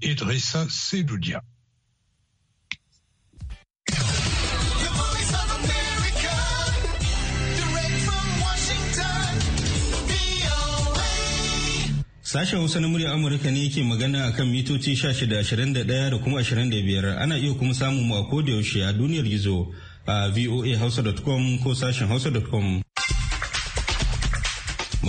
Idrissa Seloudia. Sashen Hausa na murya Amurka ne ke magana a kan mitoci 1621 da kuma 25 ana iya kuma samun mu a kodayaushe a duniyar gizo a voahausa.com ko sashen hausa.com.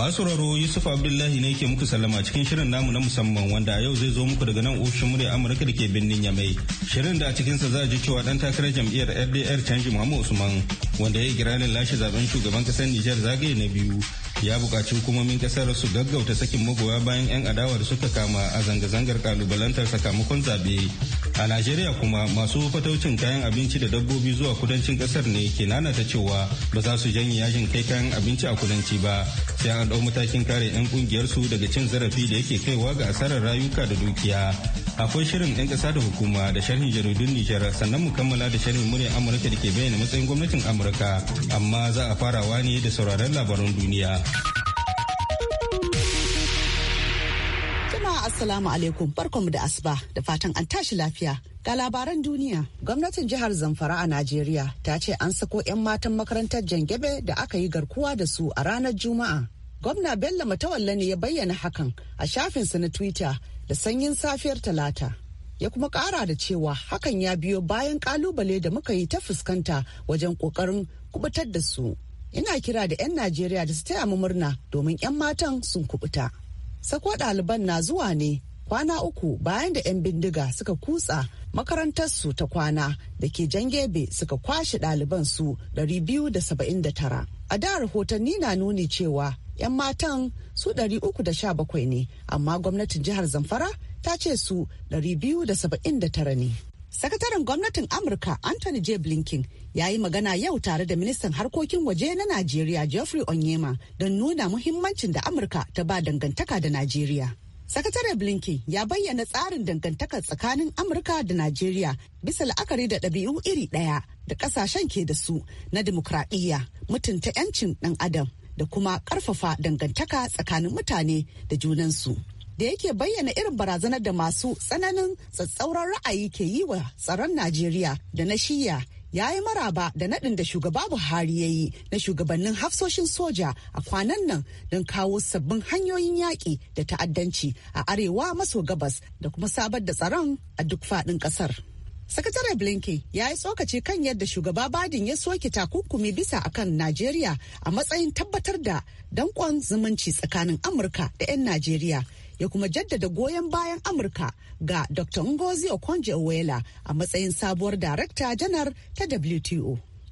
Masu raro Yusuf Abdullahi ne ke muku sallama cikin shirin namu na musamman wanda a yau zai zo muku daga nan ofishin murya Amurka da ke birnin Yamai. Shirin da a cikinsa za a ji cewa dan takarar jam'iyyar RDR canji Muhammadu Usman wanda ya yi giranin lashe zaben shugaban kasar Nijar zagaye na biyu ya buƙaci hukumomin ƙasar su gaggauta sakin magoya bayan 'yan adawa da suka kama a zanga-zangar kalubalantar sakamakon zaɓe a najeriya kuma masu fataucin kayan abinci da dabbobi zuwa kudancin ƙasar ne ke nanata cewa ba za su janye yajin kai kayan abinci a kudanci ba sai an ɗau matakin kare 'yan ƙungiyarsu daga cin zarafi da yake kaiwa ga asarar rayuka da dukiya akwai shirin 'yan ƙasa da hukuma da sharhin jaridun Nijar sannan mu kammala da sharhin murya Amurka da ke bayyana matsayin gwamnatin Amurka amma za a farawa ne da sauraron labaran duniya. Jama'a Assalamu alaikum barkanmu da asuba da fatan an tashi lafiya. Ga labaran duniya, gwamnatin jihar Zamfara a Najeriya ta ce an sako 'yan matan makarantar Jangebe da aka yi garkuwa da su a ranar Juma'a. gwamna bello matawalla ne ya bayyana hakan a shafinsa na twitter da sanyin safiyar talata ya kuma kara da cewa hakan ya biyo bayan kalubale da muka yi ta fuskanta wajen kokarin kubutar da su ina kira da 'yan najeriya da su taya mu murna domin 'yan matan sun kubuta sako ɗaliban na zuwa ne kwana uku bayan da 'yan bindiga suka kutsa makarantarsu ta kwana da ke jan jangebe suka kwashe ɗaliban su 279 a da rahotanni na nuni cewa 'yan matan su 317 ne amma gwamnatin jihar zamfara ta ce su 279 ne sakataren gwamnatin amurka anthony j blinken ya yi magana yau tare da ministan harkokin waje na najeriya geoffrey onyema don nuna muhimmancin da amurka ta ba dangantaka da najeriya sakataren blinken ya bayyana tsarin dangantakar tsakanin amurka da najeriya bisa la'akari da ɗabi'u iri ɗaya da ƙasashen ke da su na dimokuraɗiyya mutunta 'yancin ɗan adam da kuma karfafa dangantaka tsakanin mutane da junansu. da yake bayyana irin barazanar da masu tsananin tsatsauran ra'ayi ke yi wa tsaron Najeriya da na shiya ya yi maraba da naɗin da shugaba Buhari ya yi na shugabannin hafsoshin soja a kwanan nan don kawo sabbin hanyoyin yaƙi da ta'addanci a arewa maso gabas da kuma sabar da tsaron a duk faɗin ƙasar. sakataren blinken ya yi tsokaci kan yadda shugaba Biden ya soke takunkumi bisa akan najeriya a matsayin tabbatar da dankon zumunci tsakanin amurka da 'yan najeriya ya kuma jaddada goyon bayan amurka ga dr ngozi okonjo-iweala a matsayin sabuwar darakta janar ta wto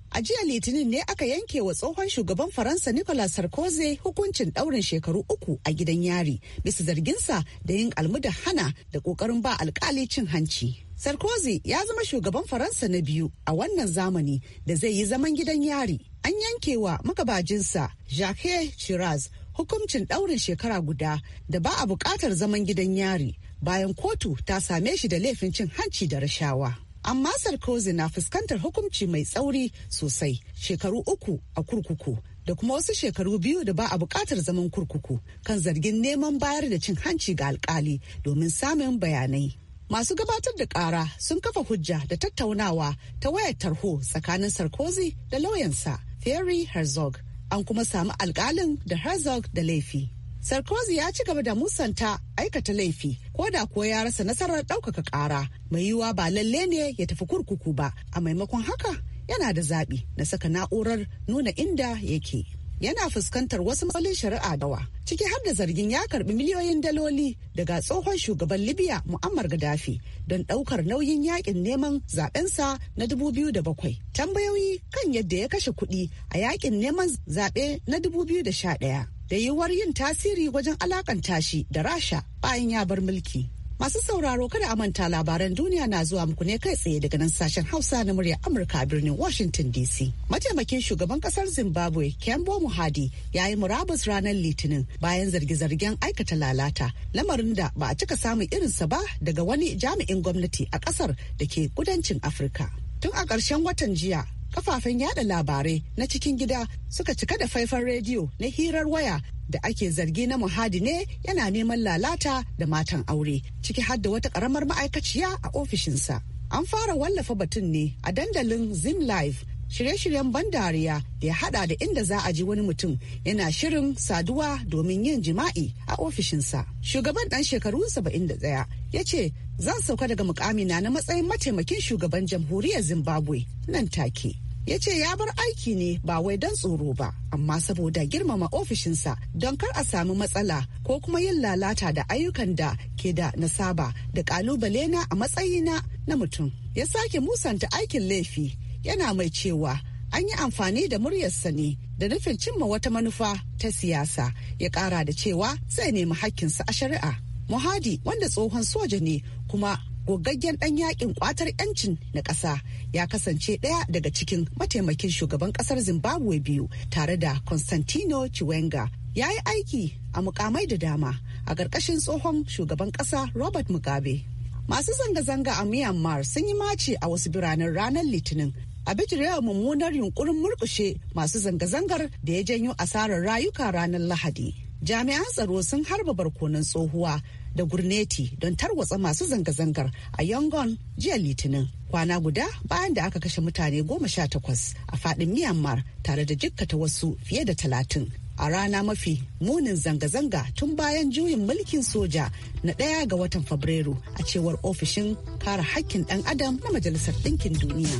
A jiya Litinin ne aka yanke wa tsohon shugaban Faransa Nicolas Sarkozy hukuncin ɗaurin shekaru uku a gidan yari bisa zarginsa da yin da hana da ƙoƙarin ba alkali cin hanci. Sarkozy ya zama shugaban Faransa na biyu a wannan zamani da zai yi zaman gidan yari. An yankewa magabajinsa Jacques Chirac hukuncin ɗaurin shekara guda da ba a buƙatar zaman gidan yari bayan kotu ta same shi da laifin cin hanci da rashawa. Amma Sarkozy na fuskantar hukunci mai tsauri sosai shekaru uku a kurkuku da kuma wasu shekaru biyu da ba a bukatar zaman kurkuku kan zargin neman bayar da cin hanci ga alkali domin samun bayanai. masu gabatar da kara sun kafa hujja da tattaunawa ta wayar tarho tsakanin sarkozy da lauyansa thierry herzog an kuma samu alkalin da herzog da laifi sarkozy ya ci gaba da musanta aikata laifi ko da kuwa ya rasa nasarar ɗaukaka ƙara mai yiwuwa ba lalle ne ya tafi kurkuku ba a maimakon haka yana da zaɓi na saka na'urar nuna inda yake yana fuskantar wasu matsalolin shari'a dawa ciki har da zargin ya karbi miliyoyin daloli daga tsohon shugaban libya muammar gaddafi don daukar nauyin yakin neman zabensa na 2007 tambayoyi kan yadda ya kashe kuɗi a yakin neman zabe na 2011 da yiwuwar yin tasiri wajen alakanta shi da rasha bayan ya bar mulki Masu sauraro kada a manta labaran duniya na zuwa muku ne kai tsaye daga nan sashen Hausa na murya Amurka a birnin Washington DC. Mataimakin shugaban kasar Zimbabwe, Kembo Muhadi, ya yi murabus ranar Litinin bayan zarge-zargen aikata lalata, lamarin da ba a cika samun irinsa ba daga wani jami'in gwamnati a kasar da ke kudancin Afirka. Tun a ƙarshen watan jiya, kafafen yada labarai na cikin gida suka cika da faifan rediyo na hirar waya da ake zargi na muhadi ne yana neman lalata da matan aure ciki har da wata karamar ma'aikaciya a ofishinsa an fara wallafa batun ne a dandalin zim live shirye-shiryen ban dariya da ya hada da inda za a ji wani mutum yana shirin saduwa domin yin jima'i a ofishinsa. Shugaban dan shekaru 71 ya ce zan sauka daga mukamina na matsayin mataimakin shugaban jamhuriyar Zimbabwe nan take. ya ce ya bar aiki ne ba wai don tsoro ba amma saboda girmama ofishinsa don kar a samu matsala ko kuma yin lalata da ayyukan da ke da nasaba da kalubale na a matsayina na mutum ya sake musanta aikin laifi yana mai cewa an yi amfani da muryarsa ne da nufin cimma wata manufa ta siyasa ya kara da cewa zai nemi hakkinsa a shari'a muhadi wanda tsohon soja ne kuma gogaggen dan yakin kwatar yancin na ƙasa ya kasance ɗaya daga cikin mataimakin shugaban ƙasar zimbabwe biyu tare da constantino chiwenga ya yi aiki a mukamai da dama a ƙarƙashin tsohon shugaban ƙasa robert mugabe masu zanga-zanga a myanmar sun yi mace a wasu biranen ranar litinin a bijirewa mummunar yunkurin murkushe masu zanga-zangar da ya janyo asarar rayuka ranar lahadi jami'an tsaro sun harba barkonon tsohuwa da gurneti don tarwatsa masu zanga-zangar a yangon jiya litinin kwana guda bayan da aka kashe mutane goma sha takwas a fadin myanmar tare da jikkata wasu fiye da talatin a rana mafi munin zanga-zanga tun bayan juyin mulkin soja na ɗaya ga watan fabrairu a cewar ofishin kare hakkin ɗan adam na majalisar ɗinkin duniya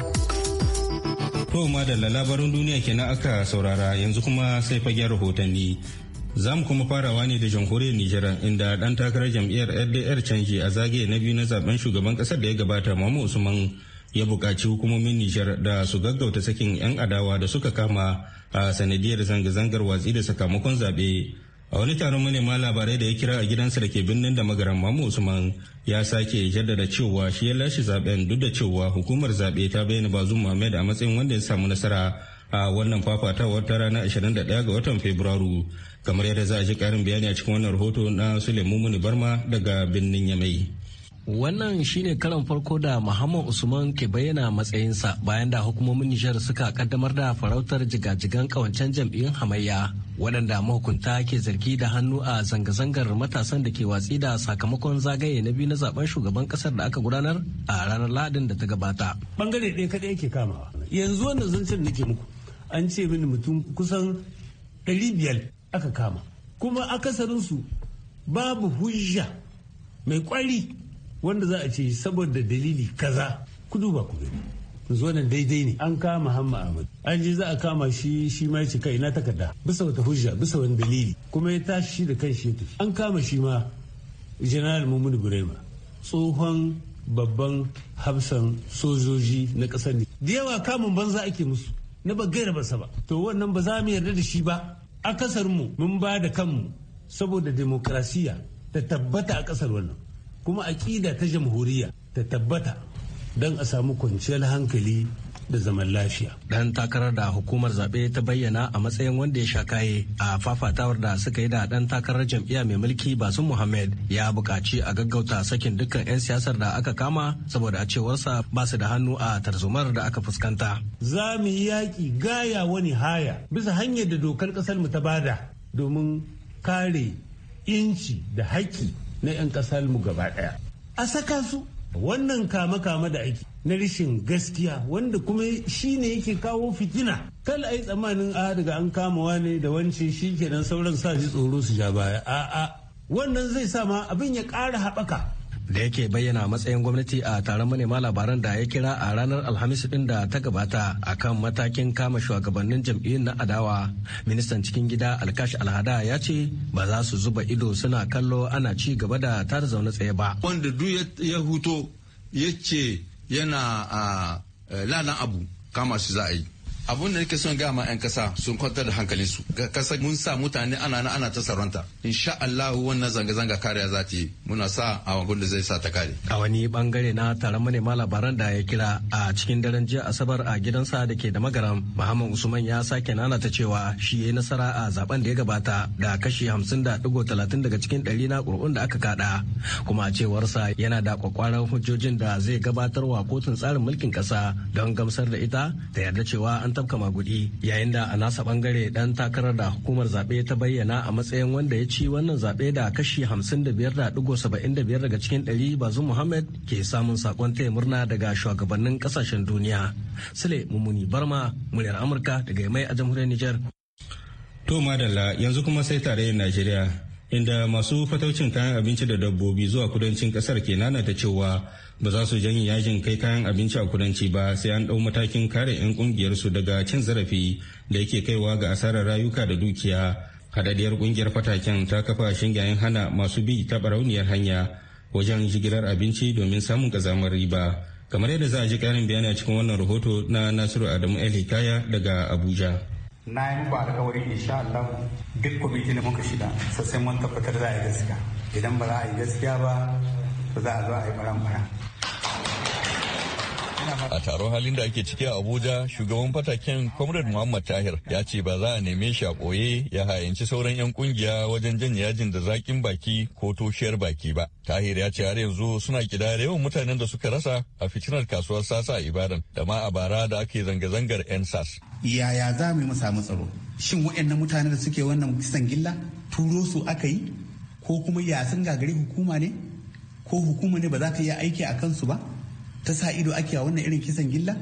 to da labarin duniya kenan aka saurara yanzu kuma sai fagen rahotanni Za mu kuma farawa ne da jamhuriyar Nijar inda dan takarar jam'iyyar LDR canji a zagaye na biyu na zaben shugaban kasar da ya gabata Mamu Usman ya buƙaci hukumomin Nijar da su gaggauta sakin 'yan adawa da suka kama a sanadiyar zanga-zangar watsi da sakamakon zaɓe. A wani taron manema labarai da ya kira a gidansa da ke birnin da magaran Mamu Usman ya sake jaddada cewa shi ya lashe zaben duk da cewa hukumar zaɓe ta bayyana Bazum muhammed a matsayin wanda ya samu nasara a wannan fafatawar ta ranar 21 ga watan Fabrairu kamar yadda za a ji karin bayani a cikin wannan rahoto na Suleiman Barma daga birnin Yamai. Wannan shine karan farko da Muhammad Usman ke bayyana matsayinsa bayan da hukumomin Nijar suka kaddamar da farautar jigajigan kawancen jam'iyyun hamayya waɗanda mahukunta ke zargi da hannu a zanga-zangar matasan da ke watsi da sakamakon zagaye na biyu na zaben shugaban kasar da aka gudanar a ranar Ladin da ta gabata. Bangare ɗaya kaɗai yake kamawa. Yanzu wannan zancen nake muku an ce mini mutum kusan ɗari aka kama kuma akasarinsu babu hujja mai kwari wanda za a ce saboda dalili kaza kudu duba ku ne zo nan daidai ne an kama hamma ahmad an je za a kama shi shi ma ci kai na takarda bisa wata hujja bisa wani dalili kuma ya tashi shi da kan shi tafi an kama shi ma general muhammadu burema tsohon babban hafsan sojoji na kasar ne da yawa kamun banza ake musu na ba da ba to wannan ba za mu yarda da shi ba a kasar mu mun ba da kanmu saboda demokrasiya ta tabbata a kasar wannan kuma aƙida ta jamhuriya ta tabbata don a samu kwanciyar hankali da zaman lafiya. ɗan takarar da hukumar zaɓe ta bayyana a matsayin wanda ya sha kaye a fafatawar da suka yi da ɗan takarar jam'iyya mai mulki basu Muhammad ya buƙaci a gaggauta sakin dukkan 'yan siyasar da aka kama saboda a cewarsa ba su da hannu a tarzomar da aka fuskanta. Za mu yi yaƙi gaya wani haya bisa hanyar da dokar ƙasar mu ta bada domin kare inci da haƙƙi na 'yan ƙasar mu gaba ɗaya. A saka su wannan kama-kama da aiki na rashin gaskiya wanda kuma shi ne yake kawo fitina kala yi tsammanin a ah, daga an kama ne da wance shi kenan sauran sa ji tsoro su ja baya a'a wannan zai sa ma abin ya ƙara haɓaka da yake bayyana matsayin gwamnati a taron manema labaran da ya kira a ranar alhamis din da ta gabata a kan matakin kama shugabannin jam'iyyun na adawa ministan cikin gida alkash alhada ya ce ba za su zuba ido suna kallo ana ci gaba da tara zaune tsaye ba wanda duk ya huto ya ce yana ah, eh, lalan abu kama su za a yi abun da nake son ga ma 'yan kasa sun kwantar da hankalinsu kasa mun sa mutane ana na ana ta saranta insha Allah wannan zanga-zanga kariya za ta yi muna sa a abun da zai sa ta kare a wani bangare na taron manema labaran da ya kira a cikin daren jiya asabar a gidansa da ke da magaram Muhammad Usman ya sake nana ta cewa shi ya nasara a zaben da ya gabata da kashi 50.30 daga cikin ɗari na ƙuri'un da aka kada kuma a cewarsa yana da kwakwaran hujjojin da zai gabatarwa kotun tsarin mulkin ƙasa don gamsar da ita ta yarda cewa an tafka magudi yayin da a nasa bangare dan takarar da hukumar zaɓe ta bayyana a matsayin wanda ya ci wannan zaɓe da kashi 55.75 daga cikin 100 bazu muhammad ke samun sakon taya murna daga shugabannin kasashen duniya sule mumuni barma muryar amurka daga mai a jamhuriyar niger to madalla yanzu kuma sai tarayyar najeriya inda masu fataucin kayan abinci da dabbobi zuwa kudancin kasar ke nanata cewa ba za su janye yajin kai kayan abinci a kudanci ba sai an ɗau matakin kare 'yan ƙungiyarsu daga cin zarafi da yake kaiwa ga asarar rayuka da dukiya hadadiyar ƙungiyar fataken ta kafa shingayen hana masu bi ta barauniyar hanya wajen jigilar abinci domin samun kazamar riba kamar yadda za a ji ƙarin bayani a cikin wannan rahoto na nasiru adamu el hikaya daga abuja na yi muku alkawari insha Allah duk kwamiti da muka shida sassan mun tabbatar za a yi gaskiya idan ba za a yi gaskiya ba ba za a zo a yi baran A taron halin da ake ciki a Abuja, shugaban fataken Comrade Muhammad Tahir ya ce ba za a neme shi a ɓoye ya hayanci sauran 'yan kungiya wajen janye yajin da zakin baki ko toshiyar baki ba. Tahir ya ce har yanzu suna kidare yawan mutanen da suka rasa a fitinar kasuwar sasa a Ibadan da ma a bara da ake zanga-zangar 'yan sas. Yaya za mu yi mu tsaro? Shin waɗannan mutanen da suke wannan kisan gilla turo su aka yi? Ko kuma ya sun gagari hukuma ne? Ko hukuma ne ba za ta yi aiki a kansu ba? ta sa ido ake a wannan irin kisan gilla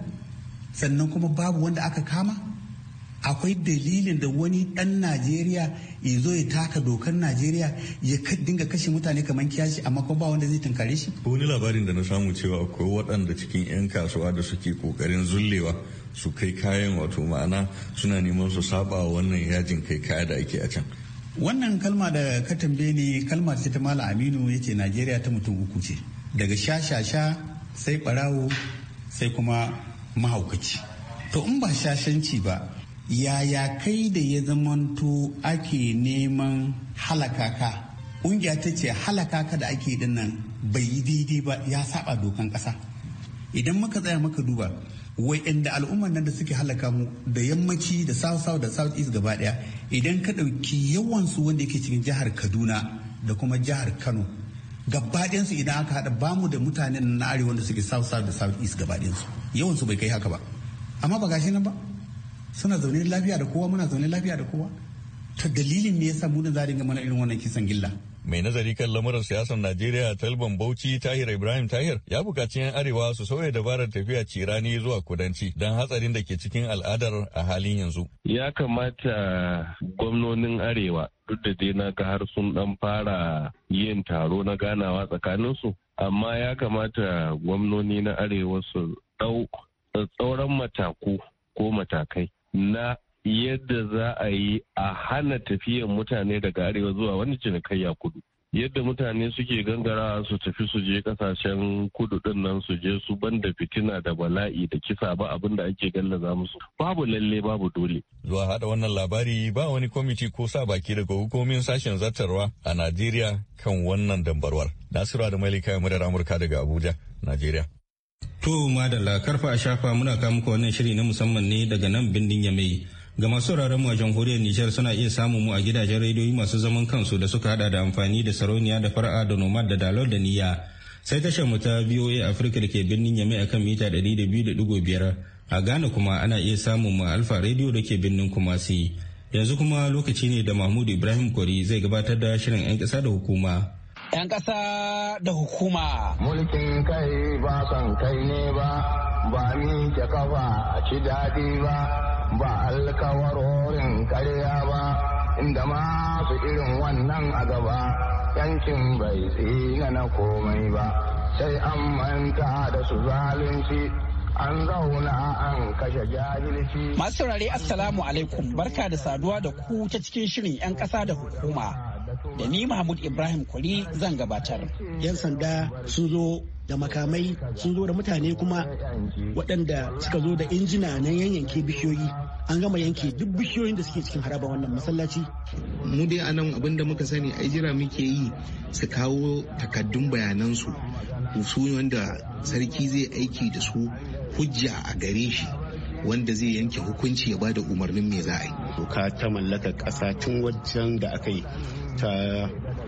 sannan kuma babu wanda aka kama akwai dalilin da wani dan najeriya ya zo ya taka dokar najeriya ya dinga kashe mutane kamar kiyashi amma kuma ba wanda zai tunkare shi wani labarin da na samu cewa akwai waɗanda cikin 'yan kasuwa da suke kokarin zullewa su kai kayan wato ma'ana suna neman su saba wannan yajin kai kaya da ake a can wannan kalma da ka tambaye ni kalma ce ta malam aminu yace ce najeriya ta mutum uku ce daga shashasha sai barawo sai kuma mahaukaci to in ba shashanci ba yaya kai da ya zamanto ake neman halakaka ƙungiya ta ce halakaka da ake dinnan bai yi daidai ba ya saba dokan ƙasa idan muka tsaya muka duba wai inda al'ummar nan da suke halaka mu da yammaci da south south da south east gaba daya idan ka ɗauki yawansu wanda yake cikin jihar kaduna da kuma jihar kano gabaɗinsu idan aka haɗa bamu da mutanen na arewa da suke south south da south east gabaɗinsu yawansu bai kai haka ba amma ba gashi nan ba suna zaune lafiya da kowa muna zaune lafiya da kowa ta dalilin ne ya mu da za dinga mana irin wannan kisan gilla mai nazari kan lamuran siyasar Najeriya Talban Bauchi Tahir Ibrahim Tahir ya bukaci 'yan arewa su sauya dabarar tafiya cirani zuwa kudanci don hatsarin da ke cikin al'adar a halin yanzu. Ya kamata gwamnonin arewa duk da dai na ga har sun dan fara yin taro na ganawa tsakaninsu amma ya kamata gwamnoni na arewa su dau tsauran mataku ko matakai na yadda za a yi a hana tafiyan mutane daga arewa zuwa wani cinikayya kudu yadda mutane suke gangara su tafi su je kasashen kudu din nan su je su banda fitina da bala'i da kisa ba abin da ake gallaza musu babu lalle babu dole zuwa hada wannan labari ba wani kwamiti ko sa baki daga hukumomin sashen zartarwa a najeriya kan wannan dambarwar nasiru da malika murar amurka daga abuja najeriya to madalla karfa a shafa muna kawo muku wannan shiri na musamman ne daga nan bindin yamai Ga masu sauraron mu a jamhuriyar Nijar suna iya samun mu a gidajen rediyoyi masu zaman kansu da suka hada da amfani da sarauniya da fara'a da nomad da dalol da niyya. Sai tashar mu ta VOA Africa da ke birnin Yamai akan mita 200.5 a Ghana kuma ana iya samun mu a Alfa Radio da ke birnin Kumasi. Yanzu kuma lokaci ne da Mahmud Ibrahim Kori zai gabatar da shirin 'yan kasa da hukuma. 'Yan kasa da hukuma. Mulkin kai ba san kai ne ba, ba ni mi kafa a ci daɗi ba. ba alkawarorin karya ba inda masu irin wannan a gaba yankin bai tsina na komai ba sai an manta da su zalunci an zauna an kashe jahilci. Masu saurari Assalamu alaikum barka da saduwa da ku ta cikin shirin 'yan ƙasa da hukuma. Da ni Mahmud Ibrahim kuli zan gabatar. 'Yan sanda sun zo da makamai sun zo da mutane kuma waɗanda suka zo da injina na yanyanke bishiyoyi an gama yanke duk bishiyoyin da suke cikin haraba wannan masallaci mu dai anan abin da muka sani ai jira muke yi su kawo takaddun bayanansu su wanda sarki zai aiki da su hujja a gare shi wanda zai yanke hukunci ya ba da umarnin mai za yi doka ta mallakar ƙasa tun wajen da aka yi ta 1978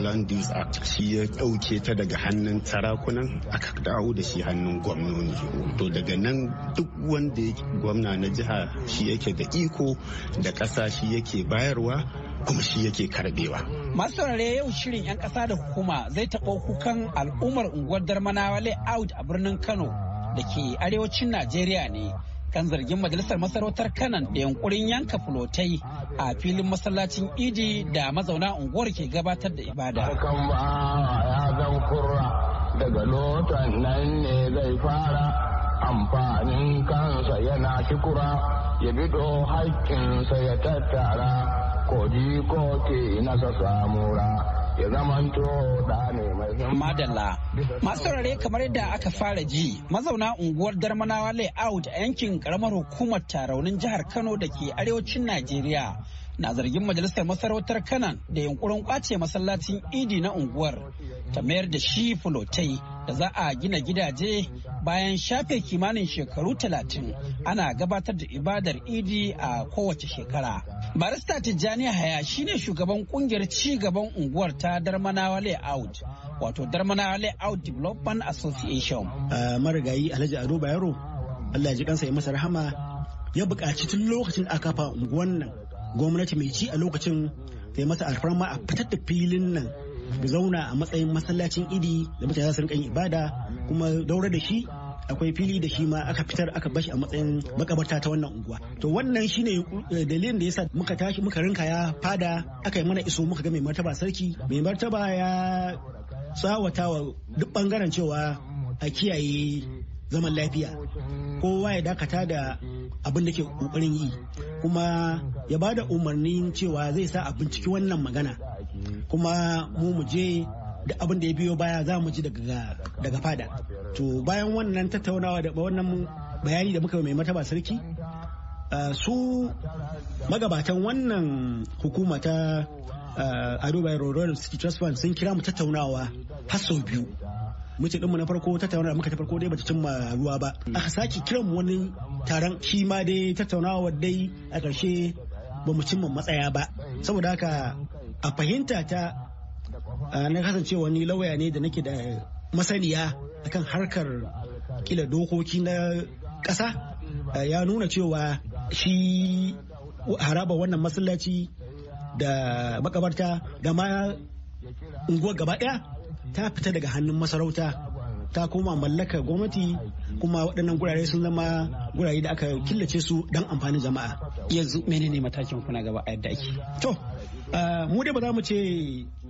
land use act shi ya ɗauke ta daga hannun sarakunan aka dawo da shi hannun gwamnoni to daga nan duk wanda gwamna na jiha shi yake da iko da ƙasa shi yake bayarwa kuma shi yake karbewa. Masu saurare yau shirin 'yan ƙasa da hukuma zai taɓo kukan al'ummar unguwar darmanawa layout a birnin Kano da ke arewacin Najeriya ne. kan zargin majalisar masarautar kanan da yankurin yanka fulotai a filin masallacin idi da mazauna unguwar ke gabatar da ibada daga lotan nan ne zai fara amfanin kansa yana shikura ya bido haƙƙinsa ya tattara ko ke nasa samura ya zamanto da ne masu saurare kamar yadda aka fara ji mazauna unguwar darmanawa layout a yankin karamar hukumar taraunin jihar kano da ke arewacin najeriya na zargin majalisar masarautar kanan da yunkurin kwace masallacin idi na unguwar ta mayar da shi fulotai da za a gina gidaje bayan shafe kimanin shekaru talatin ana gabatar da ibadar idi a kowace shekara. Barista Tijjani Haya shi ne shugaban kungiyar ci gaban unguwar ta Darmanawa Layout, wato Darmanawa Layout Development Association. Marigayi Alhaji Ado Bayero, Allah ji kansa ya masa rahama ya buƙaci tun lokacin aka kafa unguwan nan gwamnati mai ci a lokacin ta yi masa alfarma a fitar da filin nan zauna a matsayin masallacin idi da mutane za su rinka yin ibada kuma daura da shi akwai fili da shi ma aka fitar aka bashi a matsayin makabarta ta wannan unguwa to wannan shine eh, dalilin da yasa muka tashi muka rinka ya fada aka yi mana iso muka ga mai martaba sarki mai martaba ya tsawata wa duk bangaren cewa a kiyaye zaman lafiya kowa ya dakata da abin da ke kokarin yi kuma ya bada da umarnin cewa zai sa a binciki wannan magana kuma mu mu je da abin da ya biyo baya za mu ji daga fada to bayan wannan tattaunawa da wannan bayani da muka mai mataba sarki su magabatan wannan hukuma ta ado bayan royal city trust sun kira mu tattaunawa har sau biyu mace mu na farko tattaunawa muka ta farko dai bata cimma ruwa ba aka sake kiran wani taron shi ma dai tattaunawa dai a karshe ba mu cimma matsaya ba saboda haka a fahimta ta Ah, na kasance wani lauya ne da nake da masaniya akan harkar kila dokoki na ƙasa ah, ya nuna cewa shi haraba wannan masallaci da makabarta da ma unguwar gaba ɗaya ta fita daga hannun masarauta ta koma mallaka gwamnati kuma waɗannan gurare sun zama gurare da aka killace su don amfanin jama'a yanzu menene matakin kuna gaba a yadda ake to Ah, mu dai ba za mu ce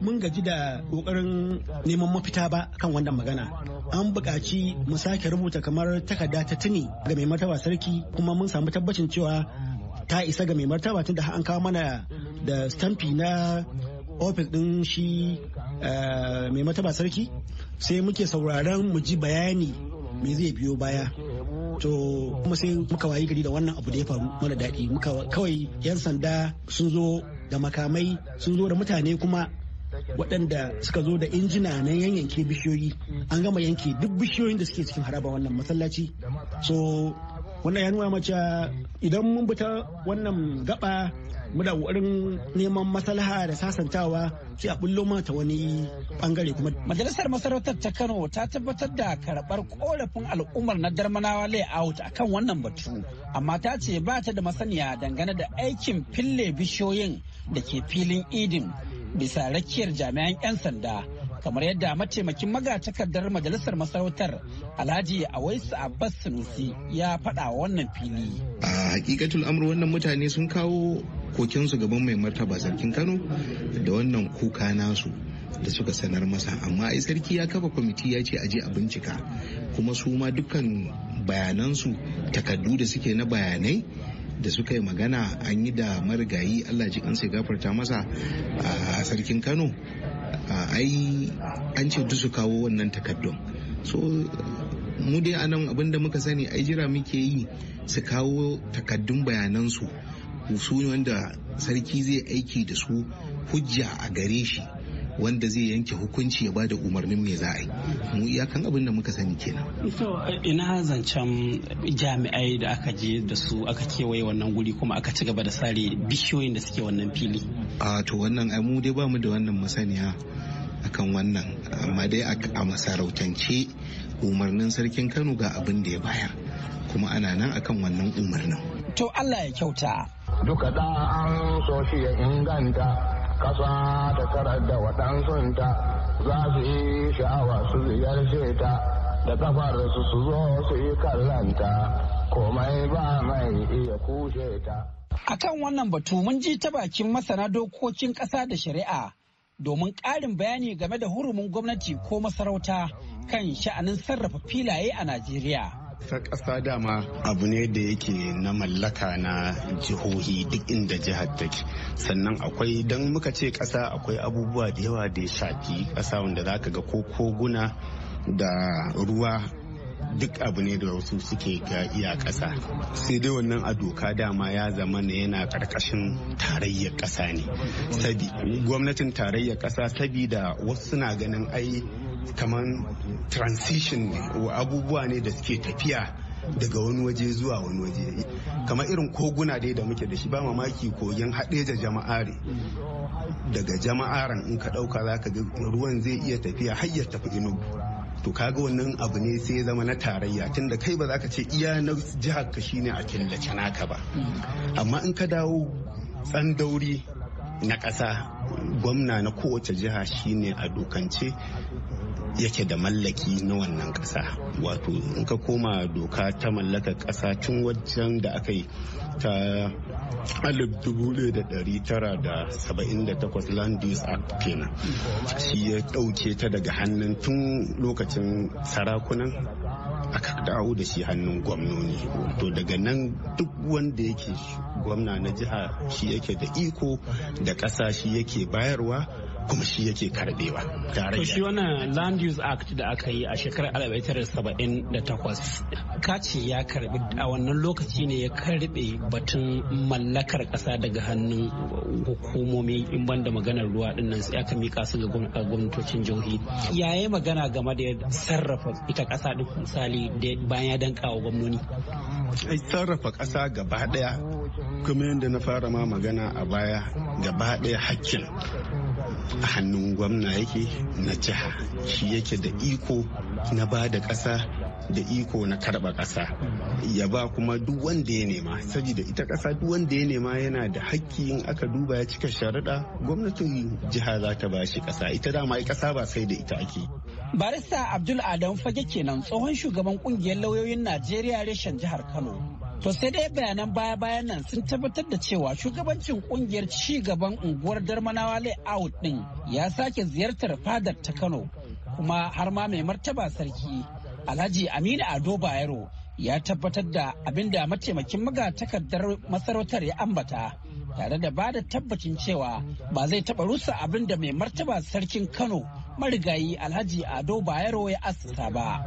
mun gaji da kokarin neman mafita ba kan wannan magana an buƙaci mu sake rubuta kamar takarda ta tuni ga mai martaba sarki kuma mun samu tabbacin cewa ta isa ga mai martaba tunda an kawo mana da stamfi na ofis din shi ah, mai martaba sarki sai muke sauraron mu ji bayani me zai biyo baya to kuma sai muka wayi gari da wannan abu da ya faru mana daɗi muka kawai 'yan sanda sun zo da makamai sun zo da mutane kuma waɗanda suka zo da injina na yanke bishiyoyi an gama yanke duk bishiyoyin da suke cikin haraba wannan masallaci so wannan ya nuna mace idan mun fita wannan gaba muna wurin neman maslaha da sasantawa sai a bullo mata wani bangare kuma. Majalisar Masarautar ta Kano ta tabbatar da karɓar korafin al'ummar na Darmanawa layout a kan wannan batu, amma ta ce ba ta da masaniya dangane da aikin fille bishiyoyin da ke filin idin bisa rakiyar jami'an 'yan sanda. kamar yadda mataimakin magatakardar majalisar masarautar alhaji awaisu abbas sunusi ya faɗa wannan fili a hakikatul amur wannan mutane sun kawo kokinsu gaban mai martaba sarkin kano da wannan kuka nasu da suka sanar masa amma ai sarki ya kafa kwamiti ya ce aje a bincika kuma su ma dukkan bayanansu takaddu da suke na bayanai da suka yi magana an yi da marigayi allah ji kansa gafarta masa a sarkin kano ai an ce su kawo wannan takaddun so mu dai anan abinda muka sani ai jira muke yi su kawo takaddun bayanansu su ne wanda sarki zai aiki da su hujja a gare shi wanda zai yanke hukunci ya bada umarnin mai za a yi mu iyakan abin da muka sani kenan so ina zancen jami'ai da aka je da su aka kewaye wannan guri kuma aka ci gaba da sare bishiyoyin da suke wannan fili a to wannan mu dai ba mu da wannan masaniya akan wannan amma dai a masarautance umarnin sarkin kano ga abin da ya baya kuma ana nan akan wannan umarnin to allah ya kyauta duka da an so shi ya inganta kasa ta karar da waɗansunta za su yi sha'awa su ziyarce ta da ƙafar su su zo su yi kallanta komai ba mai iya kushe ta. A kan wannan batu mun ji ta bakin masana dokokin ƙasa da shari'a domin ƙarin bayani game da hurumin gwamnati ko masarauta kan sha'anin sarrafa filaye a Najeriya. ta ƙasa dama abu ne da yake na mallaka na jihohi duk inda jihar take sannan akwai don muka ce ƙasa akwai abubuwa da yawa da ya shafi ƙasa wanda za ka ga ko koguna da ruwa duk abu ne da wasu suke ga iya ƙasa sai dai wannan a doka dama ya zama na yana ƙarƙashin tarayyar ƙasa ne sabi gwamnatin tarayyar ƙasa sabida wasu suna ganin ai kamar transition ne abubuwa ne da suke tafiya daga wani waje zuwa wani waje kamar irin koguna dai da muke da shi ba mamaki kogin haɗe da jama'are daga jama'aran in ka ɗauka za ka ruwan zai iya tafiya har ya tafi inugu to kaga wannan abu ne sai zama na tarayya tunda kai ba za ka ce iya na jihar ka shine a killace naka ba amma in ka dawo dauri na ƙasa gwamna na kowace jiha shine a dokance yake da mallaki na wannan ƙasa wato in ka koma doka ta mallaka ƙasa tun wajen da aka yi ta 1978 land use act kenan shi ya ɗauke ta daga hannun tun lokacin sarakunan aka dawo da shi hannun gwamnoni to daga nan duk wanda yake gwamna na jiha shi yake da iko da ƙasa shi yake bayarwa kuma shi yake karbewa To shi wannan land use act da aka yi a shekarar 1978 kaci ya karbi a wannan lokaci ne ya karbe batun mallakar kasa daga hannun hukumomi in ban da maganar ruwa din nan sai aka mika su ga gwamnatocin jihohi Yaye magana game da sarrafa ita kasa din misali bayan ya danka wa gwamnoni sarrafa kasa gaba daya kuma yadda na fara ma magana a baya gaba daya hakkin a hannun gwamna yake na jiha shi yake da iko na ba da ƙasa da iko na karba ƙasa ya ba kuma duk wanda ya nema da ita kasa duk wanda ya nema yana da hakki in aka duba ya cika sharaɗa gwamnatin jiha za ta ba shi ƙasa ita dama ƙasa ba sai da ita ake barista abdul adam fage kenan tsohon shugaban kungiyar lauyoyin najeriya reshen jihar kano To sai dai bayanan baya-bayan nan sun tabbatar da cewa shugabancin kungiyar ci gaban unguwar Darmanawa layout din ya sake ziyartar fadar ta Kano kuma har ma mai martaba sarki Alhaji Aminu Ado Bayero ya tabbatar da abin da mataimakin takardar masarautar ya ambata tare da bada tabbacin cewa ba zai taba rusa abin da mai martaba sarkin Kano marigayi Alhaji Ado Bayero ya asusa ba.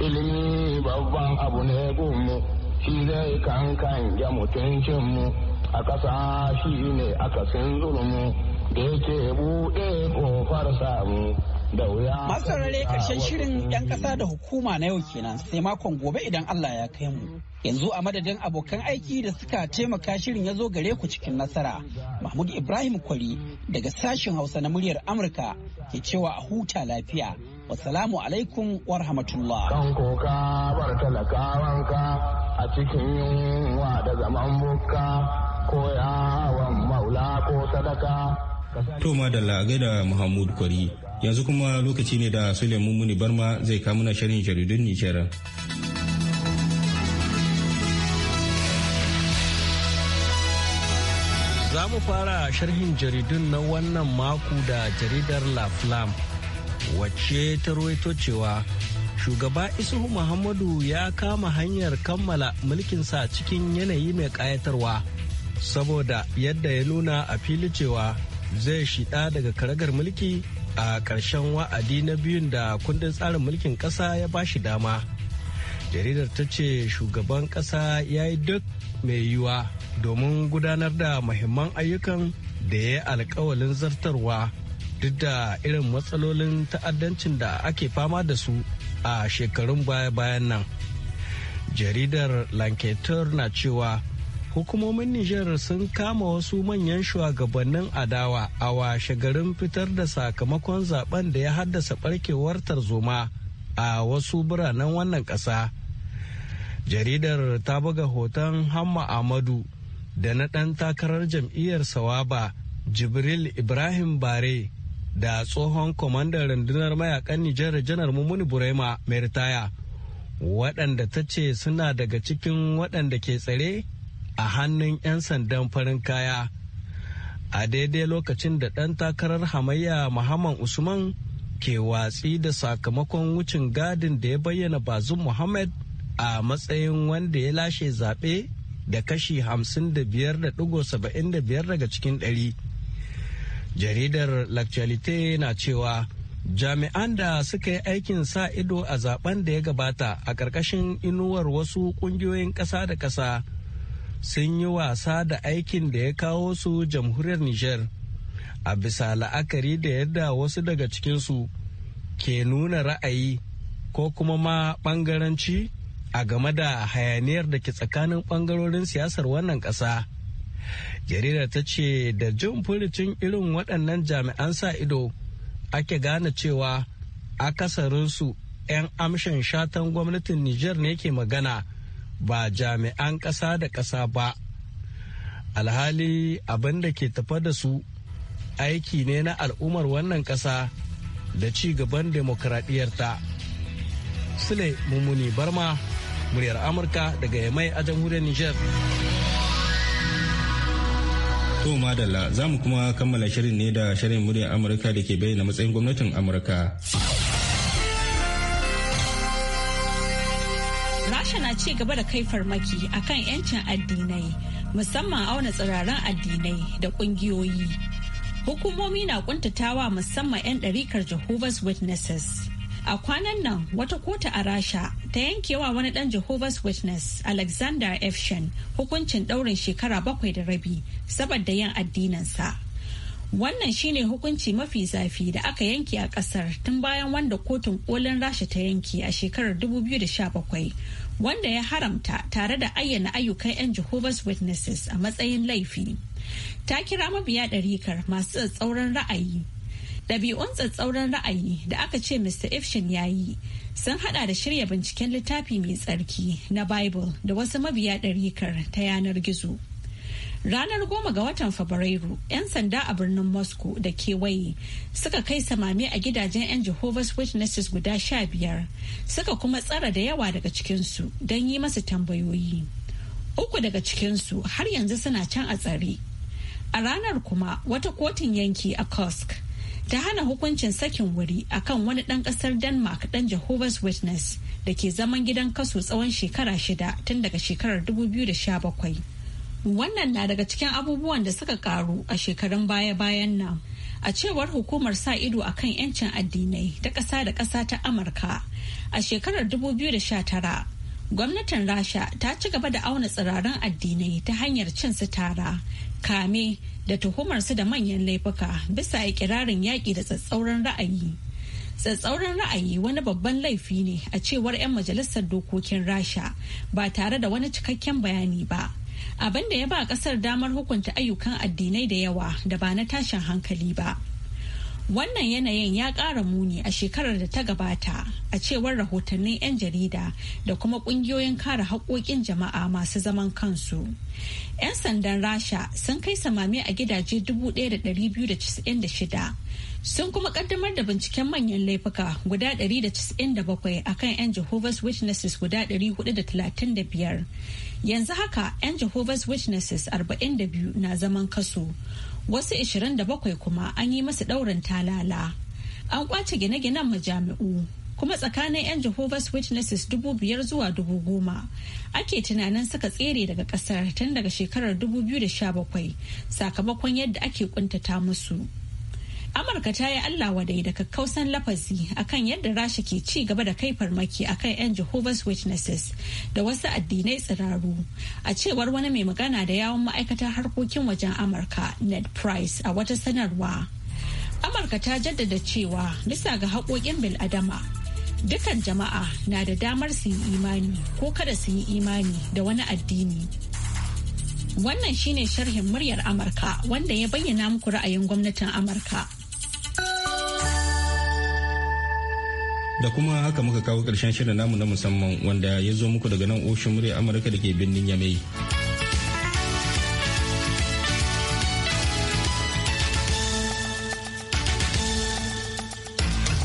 Ilimi babban abu ne gumu shi zai kankan ya mutuncinmu a ƙasa shi ne akasin zulumu da yake buɗe ƙofar samu da wuya. Masarare karshen shirin 'yan ƙasa da hukuma na yau kenan sai makon gobe idan Allah ya kai mu. Yanzu a madadin abokan aiki da suka taimaka shirin ya zo gare ku cikin nasara. Mahmud Ibrahim Kwari daga sashen Hausa na muryar Amurka ke cewa a huta lafiya. Wasalamu alaikum wa Kan bar talakawanka a cikin yunwa da zaman buka ko yawon maula ko sadaka. To madalla gaida Muhammad Kwari yanzu kuma lokaci ne da Suleiman Muni Barma zai kamuna shirin jaridun Nijar. Za mu fara sharhin jaridun na wannan mako da jaridar La Flam wacce ta ruwaito cewa shugaba isuhu muhammadu ya kama hanyar kammala mulkinsa cikin yanayi mai kayatarwa. saboda yadda ya nuna a fili cewa zai shida daga karagar mulki a ƙarshen wa'adi na biyun da kundin tsarin mulkin ƙasa ya ba shi dama jaridar ta ce shugaban ƙasa ya yi duk mai yiwuwa domin gudanar da muhimman ayyukan da ya yi alkawalin zartarwa duk da irin matsalolin ta'addancin da ake fama da su a shekarun baya-bayan nan jaridar lanketer na cewa hukumomin nijar sun kama wasu manyan shugabannin adawa a washe garin fitar da sakamakon zaben da ya haddasa barkewar tarzoma a wasu biranen wannan ƙasa jaridar ta buga hoton hamma amadu da na ɗan takarar jam'iyyar sawaba jibril ibrahim bare da tsohon kwamandan rundunar mayakan Nijar janar Mummuni Burema mai ritaya waɗanda ta ce suna daga cikin waɗanda ke tsare a hannun 'yan sandan farin kaya a daidai lokacin da ɗan takarar hamayya Muhammad Usman ke watsi da sakamakon wucin gadin da ya bayyana bazu Muhammad a matsayin wanda ya lashe zaɓe da kashi 55.75 daga cikin ɗari. jaridar l'actualité na cewa jami'an da suka yi aikin sa ido a zaben da ya gabata a ƙarƙashin inuwar wasu ƙungiyoyin ƙasa da ƙasa sun yi wasa da aikin da ya kawo su jamhuriyar niger a bisa la'akari da yadda wasu daga cikinsu ke nuna ra'ayi ko kuma ma ɓangaranci a game da hayaniyar da ke tsakanin ɓangarorin siyasar wannan ƙasa jaridar ta ce da jin furucin irin waɗannan jami'an sa ido ake gane cewa akasarinsu 'yan amshin shatan gwamnatin nijar ne ke magana ba jami'an ƙasa da ƙasa ba alhali abin da ke tafa da su aiki ne na al'ummar wannan ƙasa da ci gaban demokradiyyarta. Sule Mummuni Barma, muryar Amurka daga Yamai a jamhuriyar Nijar. To madalla za mu kuma kammala shirin ne da shirin muryar Amurka da ke bayyana matsayin gwamnatin Amurka. Rasha na ci gaba da kai farmaki akan 'yancin addinai musamman auna tsiraran addinai da kungiyoyi. Hukumomi na kuntatawa musamman 'yan ɗarikar Jehovah's Witnesses. A kwanan nan wata kota a Rasha ta yankewa wani ɗan Jehovah's Witness Alexander Efshen hukuncin ɗaurin shekara bakwai da rabi saboda yin addininsa. Wannan shine hukunci mafi zafi da aka yanke a ƙasar tun bayan wanda kotun kolin Rasha ta yanke a shekarar 2017 wanda ya haramta tare da ayyana ayyukan 'yan Jehovah's Witnesses a matsayin laifi. Ta kira mabiya ɗarikar masu tsauran ra'ayi ɗabi'un tsatsauran ra'ayi da aka ce mr ifshin ya yi sun hada da shirya binciken littafi mai tsarki na bible da wasu mabiya ɗarikar ta yanar gizo ranar goma ga watan fabrairu 'yan sanda a birnin moscow da kewaye suka kai samame a gidajen 'yan jehovah's witnesses guda sha biyar suka kuma tsara da yawa daga cikinsu don yi masa tambayoyi uku daga cikinsu har yanzu suna can a tsare a ranar kuma wata kotun yanki a Kosk ta hana hukuncin sakin wuri akan wani ɗan ƙasar denmark ɗan jehovah's witness da ke zaman gidan kaso tsawon shekara shida tun daga shekarar 2017 wannan na daga cikin abubuwan da suka karu a shekarun baya-bayan nan a cewar hukumar sa ido a kan 'yancin addinai ta ƙasa da ƙasa ta amurka a shekarar 2019 gwamnatin rasha ta ci gaba da auna tsiraran addinai ta hanyar cin su tara kame da tuhumarsu da manyan laifuka bisa ikirarin yaƙi da tsatsauran ra'ayi tsatsauran ra'ayi wani babban laifi ne a cewar 'yan majalisar dokokin rasha ba tare da wani cikakken bayani ba abinda ya ba kasar damar hukunta ayyukan addinai da yawa da ba na tashin hankali ba. Wannan yanayin ya ƙara muni a shekarar da ta gabata a cewar rahotannin 'yan jarida da kuma ƙungiyoyin kare haƙoƙin jama'a masu zaman kansu. 'Yan sandan Rasha sun kai samame a gidaje 1,296 sun kuma ƙaddamar da binciken manyan laifuka guda 197 kan 'yan Jehovah's Witnesses guda 435. Yanzu haka 'yan Jehovah's Witnesses 42 na zaman kaso. wasu 27 kuma an yi masa ɗaurin talala an kwace gine-ginen majami'u kuma tsakanin 'yan jehovah's witnesses dubu biyar zuwa dubu goma ake tunanin suka tsere daga kasar tun daga shekarar 2017 sakamakon yadda ake kuntata musu. amurka ta yi allah wadai da kakkausan lafazi kan yadda rasha ke ci gaba da kai farmaki kan 'yan jehovah's witnesses da wasu addinai tsiraru a cewar wani mai magana da yawon ma'aikatar harkokin wajen amurka ned price a wata sanarwa amurka ta jaddada cewa bisa ga haƙoƙin bil adama dukan jama'a na da damar su yi imani ko kada su yi imani da wani addini wannan shine sharhin muryar amurka wanda ya bayyana muku ra'ayin gwamnatin amurka da kuma haka muka kawo ƙarshen shirin namu na musamman wanda ya zo muku daga nan oshin murya amurka da ke birnin yamai